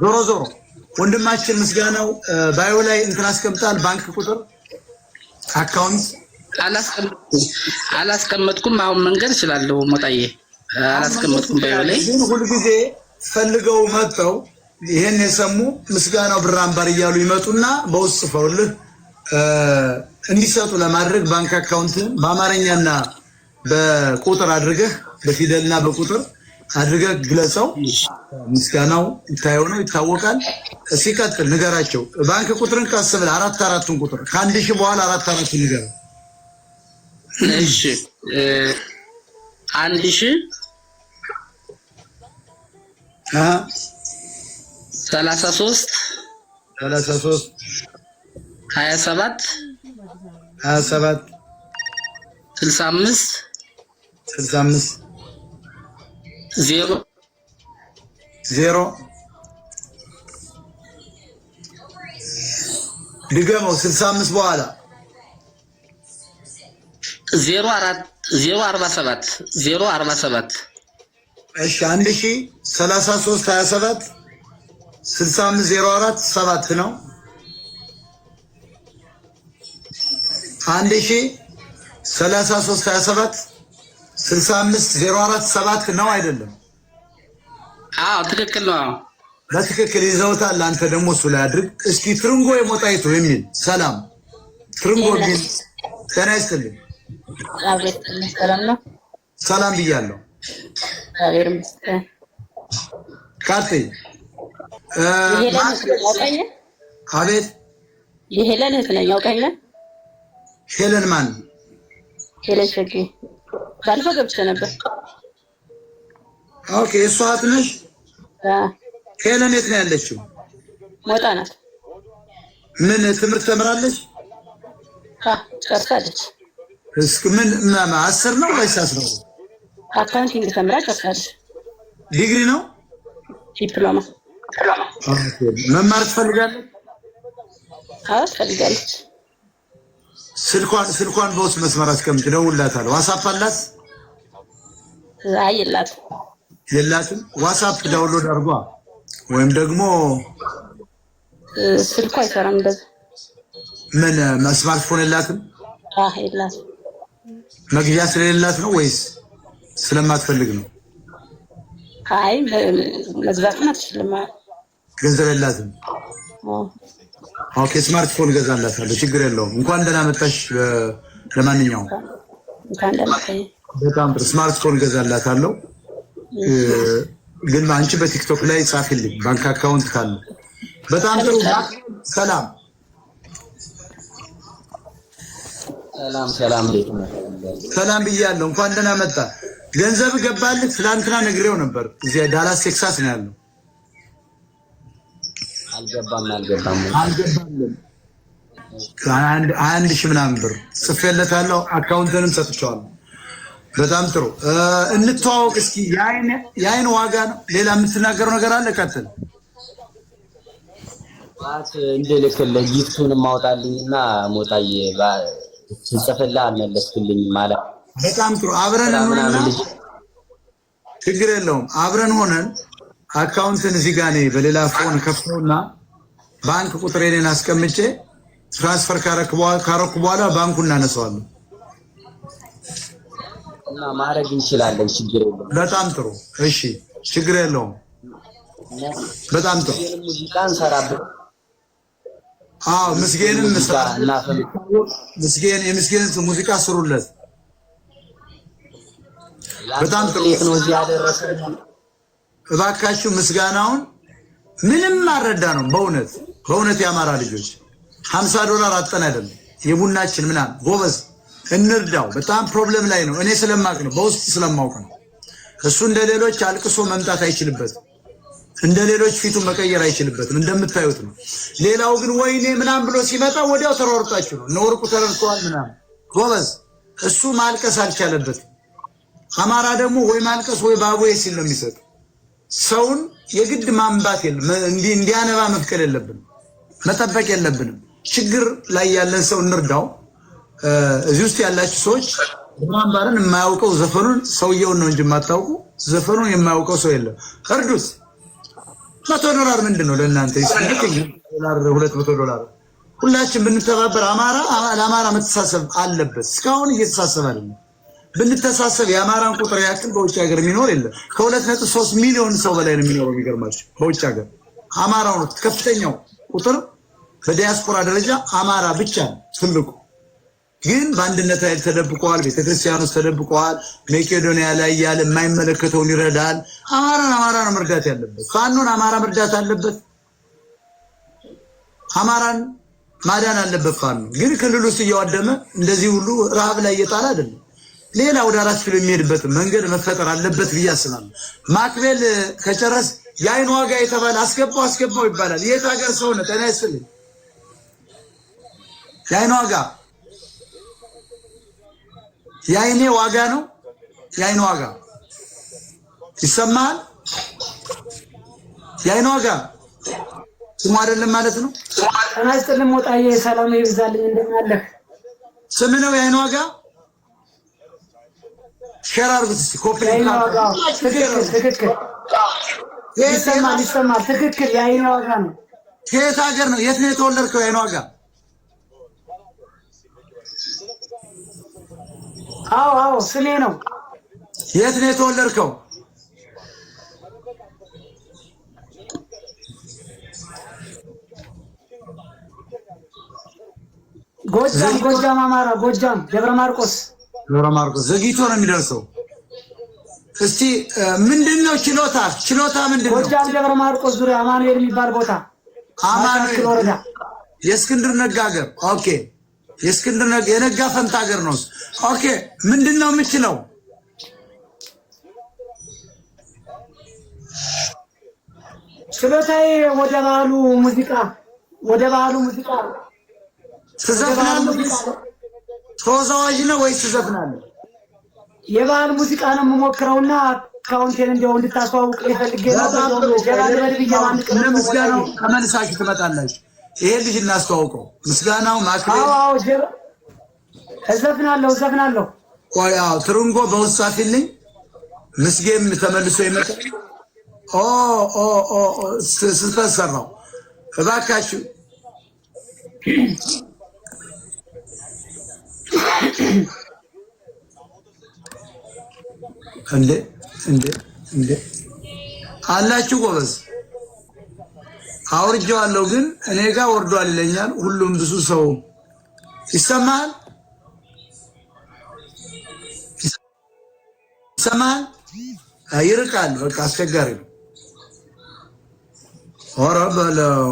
ዞሮ ዞሮ ወንድማችን ምስጋናው ባዮ ላይ እንትን አስቀምጣል። ባንክ ቁጥር አካውንት አላስቀመጥኩም። አሁን መንገድ እችላለሁ። ሞጣዬ አላስቀመጥኩም። ባዮ ላይ ግን ሁልጊዜ ፈልገው መጥተው ይሄን የሰሙ ምስጋናው ብር አምባር እያሉ ይመጡና በውስጥ ጽፈውልህ እንዲሰጡ ለማድረግ ባንክ አካውንት በአማርኛና በቁጥር አድርገህ በፊደልና በቁጥር አድርገ ግለጸው። ምስጋናው ይታየው ነው ይታወቃል። ሲቀጥል ንገራቸው ባንክ ቁጥርን ቀስ ብለህ አራት አራቱን ቁጥር ከአንድ ሺህ በኋላ አራት አራቱን ንገር። እሺ አንድ ሺህ ሰላሳ ሶስት ሰላሳ ሶስት ሀያ ሰባት ሀያ ሰባት ስልሳ አምስት ስልሳ አምስት ዜሮ ዜሮ ድገመው። ስልሳ አምስት በኋላ ዜሮ አራት ዜሮ አርባ ሰባት ዜሮ አርባ ሰባት እሺ አንድ ሺ ሰላሳ ሶስት ሀያ ሰባት ስልሳ አምስት ዜሮ አራት ሰባት ነው። አንድ ሺ ሰላሳ ሶስት ሀያ ሰባት ስልሳ አምስት ዜሮ አራት ሰባት ነው አይደለም? አዎ ትክክል ነው። በትክክል ይዘውታል። አንተ ደግሞ እሱ ላይ አድርግ እስኪ። ትርንጎ የሞጣይቱ የሚል ሰላም ትርንጎ የሚል ጤና ይስጥልኝ። ሰላም ብያለሁ። ካርቴ አቤት። የሄለን እህት ነኝ። ያውቀኛል። ሄለን ማን? ሄለን ሸጌ ባለፈ ገብቼ ነበር። ኦኬ እሷ እህት ነሽ? ሄለን የት ነው ያለችው? ሞጣ ናት። ምን ትምህርት ተምራለች? ጨርሳለች። እስኪ ምን አስር ነው ወይስ አስራ ሁለት አካውንቲንግ ተምራ ጨርሳለች። ዲግሪ ነው ዲፕሎማ መማር ትፈልጋለች? አዎ ትፈልጋለች። ስልኳን ስልኳን በውስጥ መስመር አስቀምጥ፣ እደውልላታለሁ። ዋትስአፕ አላት አይ የላትም የላትም። ዋትሳፕ ዳውንሎድ አድርጓ ወይም ደግሞ ስልኩ አይሰራም። እንደዚህ ምን ስማርትፎን የላትም። አህ የላትም። መግቢያ ስለሌላት ነው ወይስ ስለማትፈልግ ነው? አይ መዝባትም አትችልም። ገንዘብ የላትም። ኦኬ ስማርትፎን ገዛላታለሁ። ችግር የለውም። እንኳን ደህና መጣሽ። ለማንኛውም እንኳን ደህና በጣም ጥሩ ስማርትፎን እገዛላታለሁ። ግን አንቺ በቲክቶክ ላይ ጻፊልኝ ባንክ አካውንት ካለ። በጣም ጥሩ ሰላም ሰላም ሰላም ሰላም ብያለሁ። እንኳን ደህና መጣ። ገንዘብ ገባልህ? ትላንትና ነግሬው ነበር። እዚያ ዳላስ ቴክሳስ ነው ያለው። አልገባም አልገባም አልገባም። አንድ ሺህ ምናምን ብር ጽፌለታለሁ። አካውንትንም ሰጥቼዋለሁ። በጣም ጥሩ እንተዋወቅ። እስኪ የአይን ዋጋ ነው። ሌላ የምትናገረው ነገር አለ? ቀጥል። ባት እንደልክልህ ጊፍቱን ማውጣልኝ እና ሞጣዬ ስጽፍልህ አልመለስክልኝ ማለት በጣም ጥሩ። አብረን እንሆንና ችግር የለውም አብረን ሆነን አካውንትን እዚህ ጋር እኔ በሌላ ፎን ከፍተውና ባንክ ቁጥር ቁጥሬን አስቀምጬ ትራንስፈር ካረኩ በኋላ ባንኩ እናነሳዋለን። እና ማድረግ እንችላለን። ችግር የለውም። በጣም ጥሩ። እሺ፣ ችግር የለውም። በጣም ጥሩ። ሙዚቃ እንሰራበት። አዎ፣ ምስጌንም ምስጌን የምስጌን ሙዚቃ ስሩለት። በጣም ጥሩ ነው። እዚህ ያደረሰ እባካችሁ ምስጋናውን ምንም አልረዳ ነው። በእውነት በእውነት የአማራ ልጆች ሀምሳ ዶላር አጠን አይደለም የቡናችን ምናምን ጎበዝ እንርዳው። በጣም ፕሮብለም ላይ ነው። እኔ ስለማቅ ነው፣ በውስጥ ስለማውቅ ነው። እሱ እንደ ሌሎች አልቅሶ መምጣት አይችልበትም። እንደ ሌሎች ፊቱ መቀየር አይችልበትም። እንደምታዩት ነው። ሌላው ግን ወይኔ ምናም ብሎ ሲመጣ ወዲያው ተሯርጣችሁ ነው። እነወርቁ ተረድተዋል ጎበዝ። እሱ ማልቀስ አልቻለበትም። አማራ ደግሞ ወይ ማልቀስ ወይ ባቦዬ ሲል ነው የሚሰጥ። ሰውን የግድ ማንባት የለም እንዲያነባ መፍቀድ የለብንም፣ መጠበቅ የለብንም። ችግር ላይ ያለን ሰው እንርዳው። እዚህ ውስጥ ያላችሁ ሰዎች ማንባርን የማያውቀው ዘፈኑን ሰውየውን ነው እንጂ የማታውቁ ዘፈኑን የማያውቀው ሰው የለም። እርዱት። መቶ ዶላር ምንድን ነው ለእናንተ? ሁለት መቶ ዶላር ሁላችን ብንተባበር አማራ ለአማራ መተሳሰብ አለበት። እስካሁን እየተሳሰብ አለ። ብንተሳሰብ የአማራን ቁጥር ያክል በውጭ ሀገር የሚኖር የለም። ከሁለት ነጥብ ሶስት ሚሊዮን ሰው በላይ ነው የሚኖረው። የሚገርማቸው በውጭ ሀገር አማራው ነው ከፍተኛው ቁጥር በዲያስፖራ ደረጃ አማራ ብቻ ነው ትልቁ ግን በአንድነት ኃይል ተደብቀዋል፣ ቤተክርስቲያን ውስጥ ተደብቀዋል። መቄዶንያ ላይ ያለ የማይመለከተውን ይረዳል። አማራን አማራ ነው መርዳት ያለበት። ፋኖን አማራ መርዳት አለበት። አማራን ማዳን አለበት። ፋኖ ግን ክልሉ ውስጥ እያዋደመ እንደዚህ ሁሉ ረሃብ ላይ እየጣለ አይደለም። ሌላ ወደ አራት ኪሎ የሚሄድበት መንገድ መፈጠር አለበት ብዬ አስባለሁ። ማክቤል ከጨረስ የአይን ዋጋ የተባለ አስገባው አስገባው ይባላል። የት ሀገር ሰው ነው? ጤና ይስጥልኝ። የአይን ዋጋ የአይኔ ዋጋ ነው። የአይን ዋጋ ይሰማል። የአይን ዋጋ ስሙ አይደለም ማለት ነው። ናስጥልም ሞጣዬ ሰላም ይብዛልኝ። እንደምን ስም ነው የአይን ዋጋ። ሼር አድርጉት ትክክል ይሰማል፣ ይሰማል። ትክክል የአይን ዋጋ ነው። ከየት ሀገር ነው? የት ነው የተወለድከው? የአይን ዋጋ አዎ አዎ፣ ስሜ ነው። የት ነው የተወለድከው? ጎጃም ጎጃም፣ አማራ ጎጃም፣ ደብረ ማርቆስ ደብረ ማርቆስ። ዘግይቶ ነው የሚደርሰው። እስቲ ምንድን ነው ችሎታ? ችሎታ ምንድን ነው? ጎጃም ደብረ ማርቆስ ዙሪያ አማኑኤል የሚባል ቦታ፣ አማኑኤል ወረዳ፣ የእስክንድር ነጋ ኦኬ የእስክንድር የነጋ ፈንታ ሀገር ነው። ኦኬ ምንድን ነው የምችለው? ችሎታዬ ወደ ባህሉ ሙዚቃ ወደ ባህሉ ሙዚቃ ትዘፍናለህ? ተወዛዋዥ ነው ወይስ ትዘፍናለህ? የባህል ሙዚቃ ነው የምሞክረውና አካውንቴን እንዲያው እንድታስተዋውቅ ይፈልገናል። ጀራ ይፈልገ ነው። ለምስጋናው ተመልሳችሁ ትመጣላችሁ። ይሄ ልጅ እናስተዋውቀው። ምስጋናው ማክቤል እዘፍናለሁ እዘፍናለሁ። ያው ትርንጎ በውስጥ ጻፊልኝ። ምስጌም ተመልሶ ይመጣል። ስህተት ሰራው። እባካችሁ እንዴ እንዴ እንዴ አላችሁ ጎበዝ አለው ግን እኔ ጋር ወርዷል ይለኛል። ሁሉም ብዙ ሰው ይሰማል ይሰማል፣ ይርቃል። በቃ አስቸጋሪ ነው። ኧረ በለው